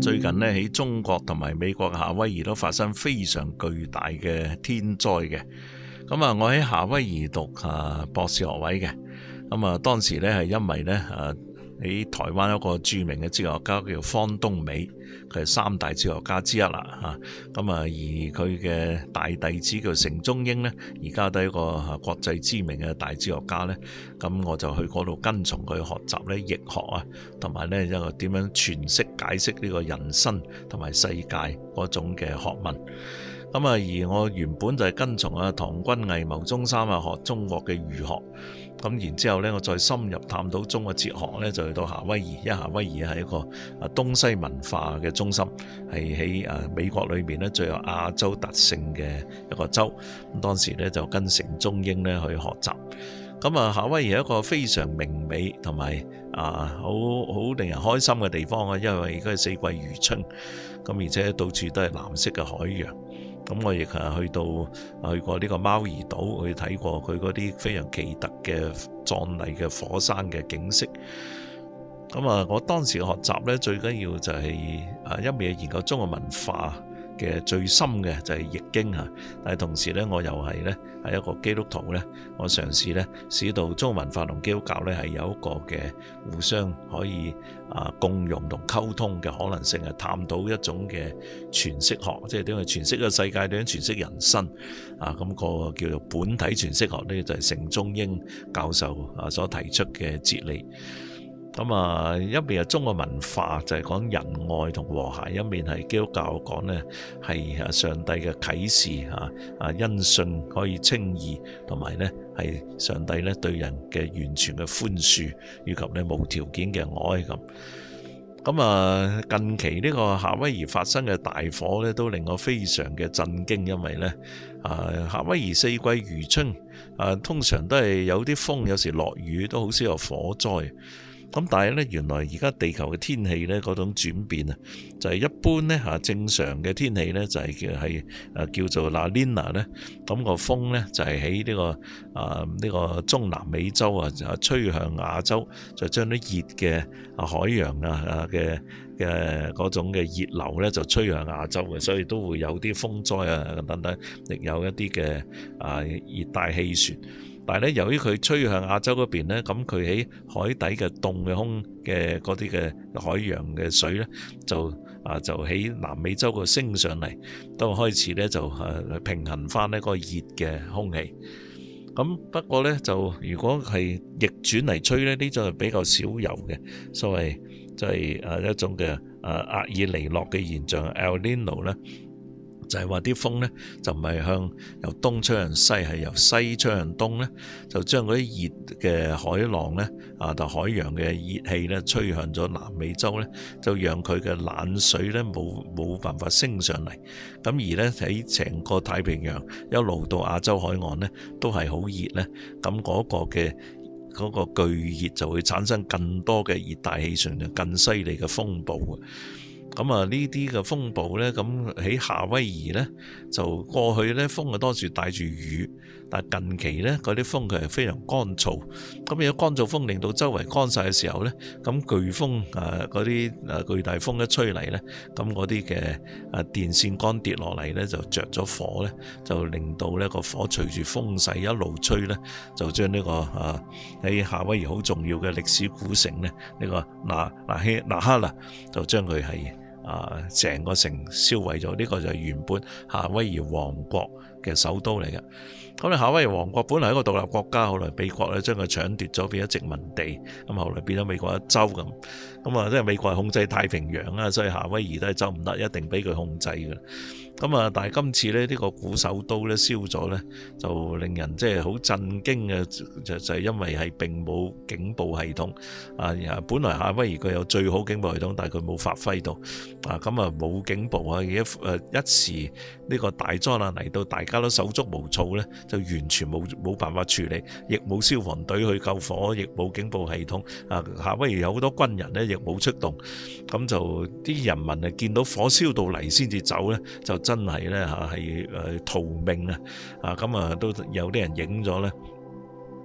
最近呢，喺中國同埋美國嘅夏威夷都發生非常巨大嘅天災嘅，咁啊，我喺夏威夷讀啊博士學位嘅，咁啊，當時呢係因為呢啊。喺台灣一個著名嘅哲學家叫方東美，佢係三大哲學家之一啦嚇。咁啊，而佢嘅大弟子叫成中英呢，而家都係一個嚇國際知名嘅大哲學家呢。咁我就去嗰度跟從佢學習呢易學啊，同埋呢一個點樣詮釋解釋呢個人生同埋世界嗰種嘅學問。咁啊，而我原本就係跟從啊唐君毅、牟宗三啊學中國嘅儒學。咁然之後咧，我再深入探討中國哲學咧，就去到夏威夷。因為夏威夷係一個啊東西文化嘅中心，係喺啊美國裏面咧最有亞洲特性嘅一個州。咁當時咧就跟成中英咧去學習。咁啊，夏威夷係一個非常明媚同埋啊好好令人開心嘅地方啊，因為而家四季如春，咁而且到處都係藍色嘅海洋。咁我亦去到去過呢個貓兒島，去睇過佢嗰啲非常奇特嘅壯麗嘅火山嘅景色。咁啊，我當時學習呢，最緊要就係一味研究中國文化。嘅最深嘅就係、是、易經啊，但係同時咧，我又係咧係一個基督徒咧，我嘗試咧使到中文化同基督教咧係有一個嘅互相可以啊共融同溝通嘅可能性啊，探討一種嘅詮釋學，即係點樣詮釋個世界，點樣詮釋人生啊，咁、那個叫做本體詮釋學呢，就係、是、成中英教授啊所提出嘅哲理。咁啊，一面係中國文化就係、是、講仁愛同和、和諧，一面係基督教講呢係啊上帝嘅啟示嚇啊，因信可以稱義，同埋呢係上帝咧對人嘅完全嘅寬恕，以及咧無條件嘅愛咁。咁啊，近期呢個夏威夷發生嘅大火呢，都令我非常嘅震驚，因為呢，啊夏威夷四季如春啊，通常都係有啲風，有時落雨都好少有火災。咁但係咧，原來而家地球嘅天氣咧嗰種轉變啊，就係一般咧嚇正常嘅天氣咧，就係叫係啊叫做拉尼娜咧，咁個風咧就係喺呢個啊呢個中南美洲啊，就吹向亞洲，就將啲熱嘅啊海洋啊啊嘅嘅嗰種嘅熱流咧，就吹向亞洲嘅，所以都會有啲風災啊等等，亦有一啲嘅啊熱帶氣旋。但係咧，由於佢吹向亞洲嗰邊咧，咁佢喺海底嘅凍嘅空嘅嗰啲嘅海洋嘅水咧，就啊就喺南美洲個升上嚟，都開始咧就啊平衡翻呢個熱嘅空氣。咁不過咧，就如果係逆轉嚟吹咧，呢種係比較少有嘅，所謂即係誒一種嘅誒厄爾尼諾嘅現象 （El i n o 咧。就係話啲風呢，就唔係向由東吹向西，係由西吹向東呢，就將嗰啲熱嘅海浪呢，啊，就係海洋嘅熱氣呢，吹向咗南美洲呢，就讓佢嘅冷水呢冇冇辦法升上嚟。咁而呢，喺成個太平洋一路到亞洲海岸呢都係好熱呢，咁嗰個嘅嗰、嗰個巨熱就會產生更多嘅熱帶氣旋，更犀利嘅風暴啊！咁啊呢啲嘅風暴呢，咁喺夏威夷呢，就過去呢風啊多數帶住雨，但近期呢，嗰啲風佢係非常乾燥，咁如果乾燥風令到周圍乾晒嘅時候呢，咁颶風啊嗰啲啊巨大風一吹嚟呢，咁嗰啲嘅啊電線杆跌落嚟呢，就着咗火呢，就令到呢個火隨住風勢一路吹呢，就將呢、這個啊喺夏威夷好重要嘅歷史古城呢，呢、這個拿拿希拿克啦，就將佢係。啊！成個城燒毀咗，呢個就係原本夏威夷王國嘅首都嚟嘅。咁你夏威夷王國本來係一個獨立國家，後來美國咧將佢搶奪咗，變咗殖民地，咁後來變咗美國一州咁。咁啊，即係美國係控制太平洋啊，所以夏威夷都係走唔得，一定俾佢控制嘅。咁啊，但係今次咧，呢、個古首都咧燒咗咧，就令人即係好震驚嘅，就就是、係因為係並冇警報系統啊。本來夏威夷佢有最好警報系統，但係佢冇發揮到啊。咁啊，冇警報啊，而一誒一時呢個大災難嚟到，大家都手足無措咧，就完全冇冇辦法處理，亦冇消防隊去救火，亦冇警報系統啊，夏威夷有好多軍人咧。亦冇出動，咁就啲人民啊見到火燒到嚟先至走咧，就真係咧嚇係誒逃命啊！啊咁啊都有啲人影咗咧。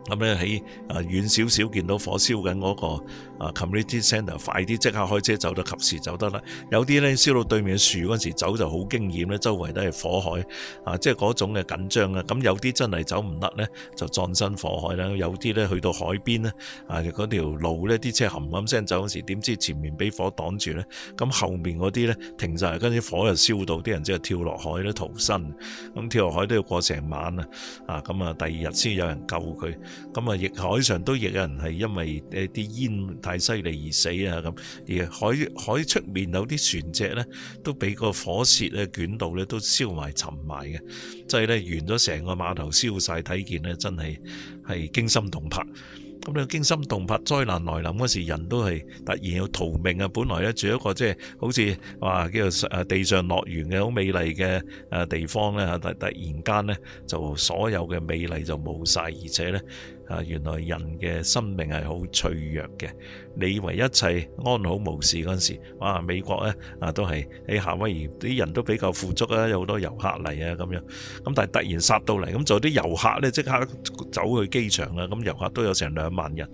咁咧喺啊遠少少見到火燒緊嗰個啊 community center 快啲即刻開車走得及時走得啦。有啲咧燒到對面嘅樹嗰時走就好驚險咧，周圍都係火海啊！即係嗰種嘅緊張啊。咁有啲真係走唔得咧，就葬身火海啦。有啲咧去到海邊咧啊，嗰條路咧啲車冚冚聲走嗰時，點知前面俾火擋住咧？咁、啊、後面嗰啲咧停曬，跟住火又燒到，啲人即係跳落海咧逃生。咁、啊、跳落海都要過成晚啊！啊咁啊，第二日先有人救佢。咁啊，亦海上都亦有人係因為誒啲煙太犀利而死啊！咁而海海出面有啲船隻呢，都俾個火舌咧捲到咧都燒埋沉埋嘅，即係呢，完咗成個碼頭燒晒睇見呢真係，係驚心動魄。咁你驚心動魄，災難來臨嗰時，人都係突然要逃命啊！本來咧住一個即係好似話叫做地上樂園嘅好美麗嘅誒地方咧，突突然間咧就所有嘅美麗就冇晒，而且咧。啊！原來人嘅生命係好脆弱嘅。你以為一切安好無事嗰陣時，哇！美國咧啊都係喺、哎、夏威夷啲人都比較富足啊，有好多遊客嚟啊咁樣。咁但係突然殺到嚟，咁就有啲遊客咧即刻走去機場啦。咁遊客都有成兩萬人。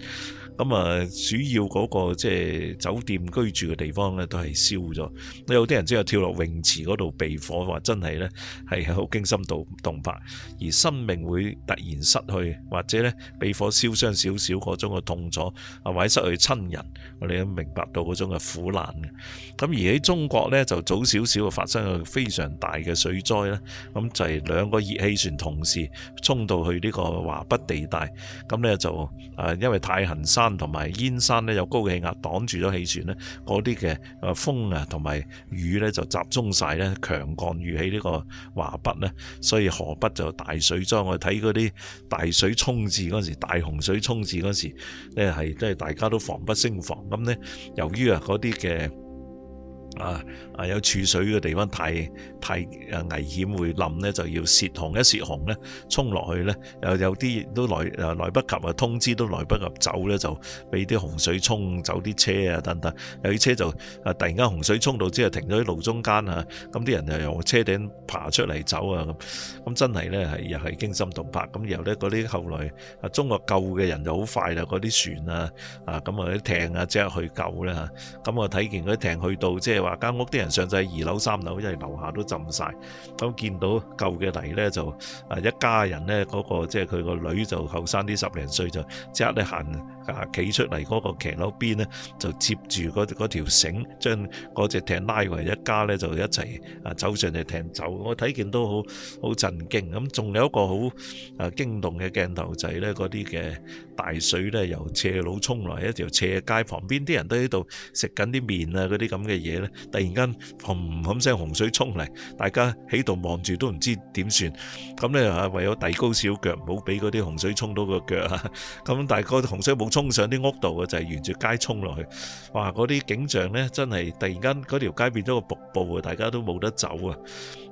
咁啊，主要、嗰個即係酒店居住嘅地方咧，都係燒咗。有啲人即係跳落泳池度避火，話真係咧係好驚心動動魄，而生命會突然失去，或者咧被火燒傷少少種嘅痛楚，啊或者失去親人，我哋都明白到種嘅苦難，嘅。咁而喺中國咧就早少少發生個非常大嘅水災咧，咁就係、是、兩個熱氣旋同時沖到去呢個華北地帶，咁咧就誒因為太行山。同埋燕山咧，有高氣壓擋住咗氣旋咧，嗰啲嘅風啊，同埋雨咧就集中晒咧，強降雨喺呢個華北咧，所以河北就大水災。我睇嗰啲大水沖至嗰時，大洪水沖至嗰時咧，係即係大家都防不勝防。咁咧，由於啊嗰啲嘅。啊啊有儲水嘅地方太太誒危險會冧咧就要泄洪，一泄洪咧衝落去咧又有啲亦都來啊來不及啊通知都來不及走咧，就俾啲洪水沖走啲車啊等等，有啲車就啊突然間洪水衝到之後停咗喺路中間啊，咁啲人就由車頂爬出嚟走啊咁，咁真係咧係又係驚心動魄咁，然後咧啲後來啊中國救嘅人就好快啦，啲船啊啊咁啊啲艇啊即刻去救啦，咁啊睇見啲艇去到即係話。嗱間屋啲人上曬二樓三樓，因為樓下都浸晒。咁見到舊嘅泥呢，就，啊一家人呢，嗰個即係佢個女就後生啲十零歲就即刻咧行。啊！企出嚟個騎樓邊咧，就接住嗰嗰條繩，將隻艇拉回一家咧，就一齊啊走上隻艇走。我睇見都好好震驚。咁仲有一個好啊驚動嘅鏡頭就係咧，啲嘅大水咧由斜路沖來一條斜街旁邊啲人都喺度食緊啲麵啊啲咁嘅嘢咧，突然間冚冚聲洪水沖嚟，大家喺度望住都唔知點算。咁咧啊，為咗遞高小腳唔好俾啲洪水沖到但個腳啊！咁，但係個洪水冇沖。沖上啲屋度嘅就係、是、沿住街沖落去，哇！嗰啲景象呢，真係突然間嗰條街變咗個瀑布啊！大家都冇得走啊！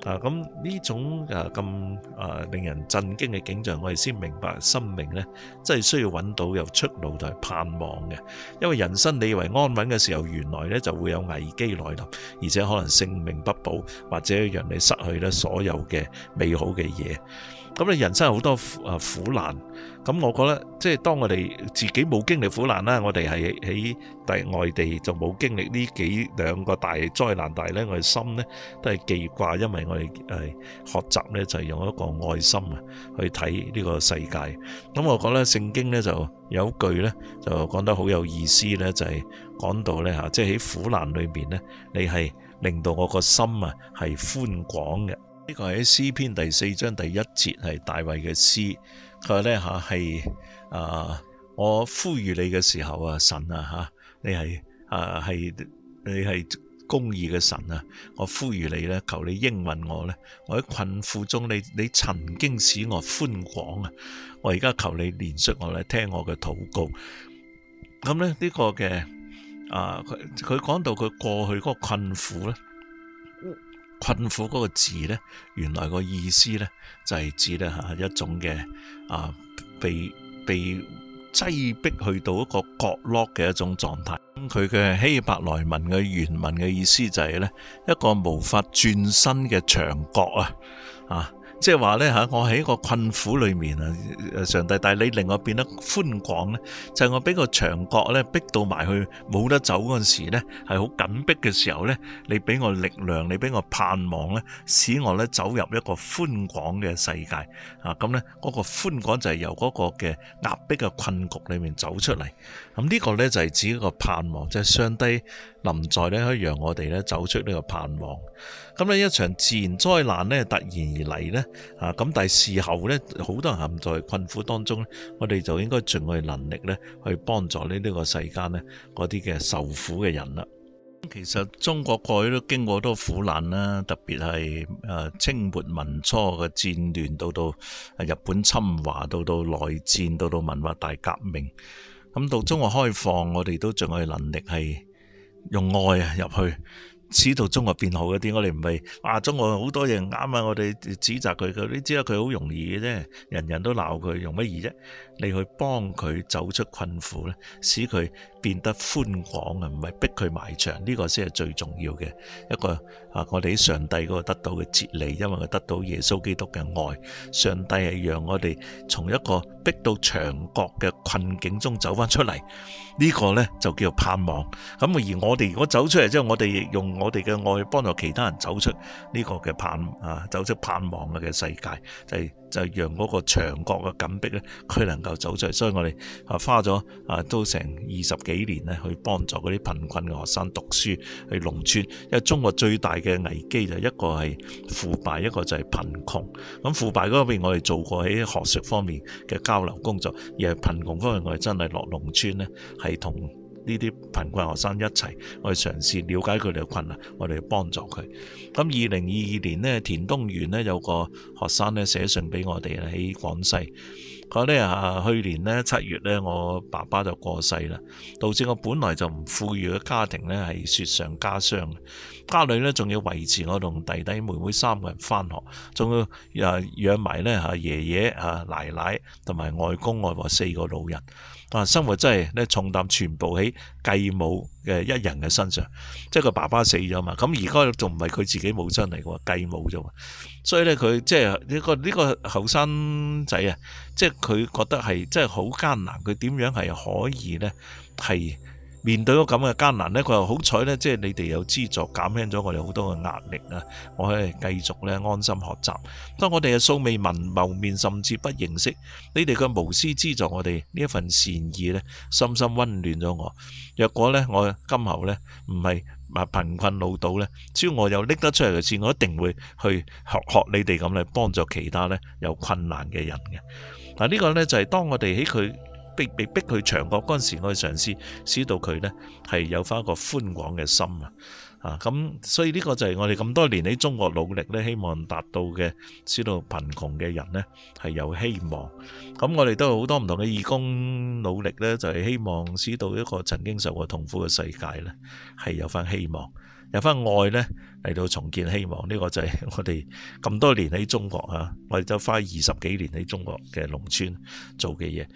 嗯、啊咁呢種誒咁誒令人震驚嘅景象，我哋先明白生命呢真係需要揾到有出路同埋盼望嘅。因為人生你以為安穩嘅時候，原來呢就會有危機來臨，而且可能性命不保，或者讓你失去呢所有嘅美好嘅嘢。咁你人生好多誒苦難，咁我覺得即係當我哋自己冇經歷苦難啦，我哋係喺第外地就冇經歷呢幾兩個大災難，但係咧我哋心咧都係記掛，因為我哋誒學習咧就係用一個愛心啊去睇呢個世界。咁我覺得聖經咧就有一句咧就講得好有意思咧，就係、是、講到咧嚇，即係喺苦難裏邊咧，你係令到我個心啊係寬廣嘅。呢個係詩篇第四章第一節，係大衛嘅詩，佢話咧吓，係啊，我呼籲你嘅時候啊，神啊吓、啊，你係啊係你係公義嘅神啊，我呼籲你咧，求你應允我咧，我喺困苦中，你你曾經使我寬廣啊，我而家求你憐恤我咧，聽我嘅禱告。咁咧呢、這個嘅啊，佢佢講到佢過去嗰個困苦咧。困苦嗰個字呢，原來個意思呢，就係指呢嚇一種嘅啊，被被擠迫去到一個角落嘅一種狀態。佢嘅希伯來文嘅原文嘅意思就係呢一個無法轉身嘅牆角啊啊！即係話呢，吓，我喺一個困苦裏面啊，上帝，但係你令我變得寬廣呢，就係、是、我俾個牆角呢逼到埋去，冇得走嗰陣時咧，係好緊迫嘅時候呢，你俾我力量，你俾我盼望呢，使我咧走入一個寬廣嘅世界啊！咁咧，嗰、那個寬廣就係由嗰個嘅壓迫嘅困局裏面走出嚟。咁呢個呢，就係指一個盼望，即、就、係、是、上帝。臨在咧，可以讓我哋咧走出呢個盼望。咁呢，一場自然災難呢，突然而嚟呢。啊咁，但係事後呢，好多人陷在困苦當中咧，我哋就應該盡我能力呢，去幫助呢呢個世間呢嗰啲嘅受苦嘅人啦。其實中國過去都經過好多苦難啦，特別係誒清末民初嘅戰亂，到到日本侵華，到到內戰，到到文化大革命。咁到中國開放，我哋都盡我能力係。用愛啊入去，使到中國變好嗰啲，我哋唔係話中國好多嘢啱啊！我哋指責佢，佢你知道佢好容易嘅啫，人人都鬧佢用乜嘢啫？你去幫佢走出困苦咧，使佢。變得寬廣啊，唔係逼佢埋牆，呢個先係最重要嘅一個啊！我哋喺上帝嗰度得到嘅哲理，因為佢得到耶穌基督嘅愛，上帝係讓我哋從一個逼到牆角嘅困境中走翻出嚟，呢個呢，就叫做盼望。咁而我哋如果走出嚟之後，就是、我哋用我哋嘅愛幫助其他人走出呢個嘅盼啊，走出盼望嘅世界，就係、是。就讓嗰個長角嘅緊逼咧，佢能夠走出嚟，所以我哋啊花咗啊都成二十幾年咧，去幫助嗰啲貧困嘅學生讀書，去農村。因為中國最大嘅危機就一個係腐敗，一個就係貧窮。咁腐敗嗰邊我哋做過喺學術方面嘅交流工作，而係貧窮方面我哋真係落農村咧，係同呢啲貧困學生一齊，我哋嘗試了解佢哋嘅困難，我哋去幫助佢。咁二零二二年呢，田東源呢有個學生呢寫信俾我哋喺廣西。嗰啲啊，去年咧七月咧，我爸爸就過世啦，導致我本來就唔富裕嘅家庭咧，係雪上加霜。家裏咧仲要維持我同弟弟妹妹三個人返學，仲要誒養埋咧吓爺爺吓奶奶同埋外公外婆四個老人，啊生活真係咧重擔全部喺繼母嘅一人嘅身上，即係佢爸爸死咗嘛，咁而家仲唔係佢自己母親嚟嘅喎，繼母啫嘛，所以咧佢即係呢個呢個後生仔啊，即係佢、這個這個、覺得係真係好艱難，佢點樣係可以咧係？面對咗咁嘅艱難咧，佢又好彩咧，即係你哋有資助減輕咗我哋好多嘅壓力啦。我可以繼續咧安心學習。當我哋嘅素未文謀面，甚至不認識你哋嘅無私資助，我哋呢一份善意咧，深深溫暖咗我。若果咧，我今後咧唔係貧困老到咧，只要我有拎得出嚟嘅錢，我一定會去學學你哋咁嚟幫助其他咧有困難嘅人嘅。嗱呢個咧就係當我哋喺佢。被被逼佢長角嗰陣時，我哋嘗試使到佢呢係有翻一個寬廣嘅心啊！啊，咁所以呢個就係我哋咁多年喺中國努力呢，希望達到嘅使到貧窮嘅人呢係有希望。咁我哋都有好多唔同嘅義工努力呢，就係希望使到一個曾經受過痛苦嘅世界呢係有翻希望。有翻愛呢，嚟到重建希望，呢、這個就係我哋咁多年喺中國嚇、啊，我哋就花二十幾年喺中國嘅農村做嘅嘢。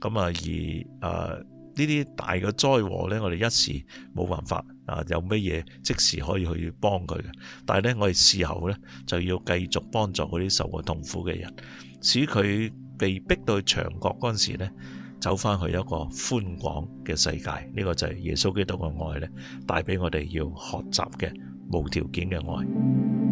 咁啊，而啊呢啲大嘅災禍呢，我哋一時冇辦法啊，有乜嘢即時可以去幫佢嘅。但係呢，我哋事後呢，就要繼續幫助嗰啲受過痛苦嘅人，使佢被逼到去牆角嗰陣時咧。走返去一個寬廣嘅世界，呢個就係耶穌基督嘅愛咧，帶俾我哋要學習嘅無條件嘅愛。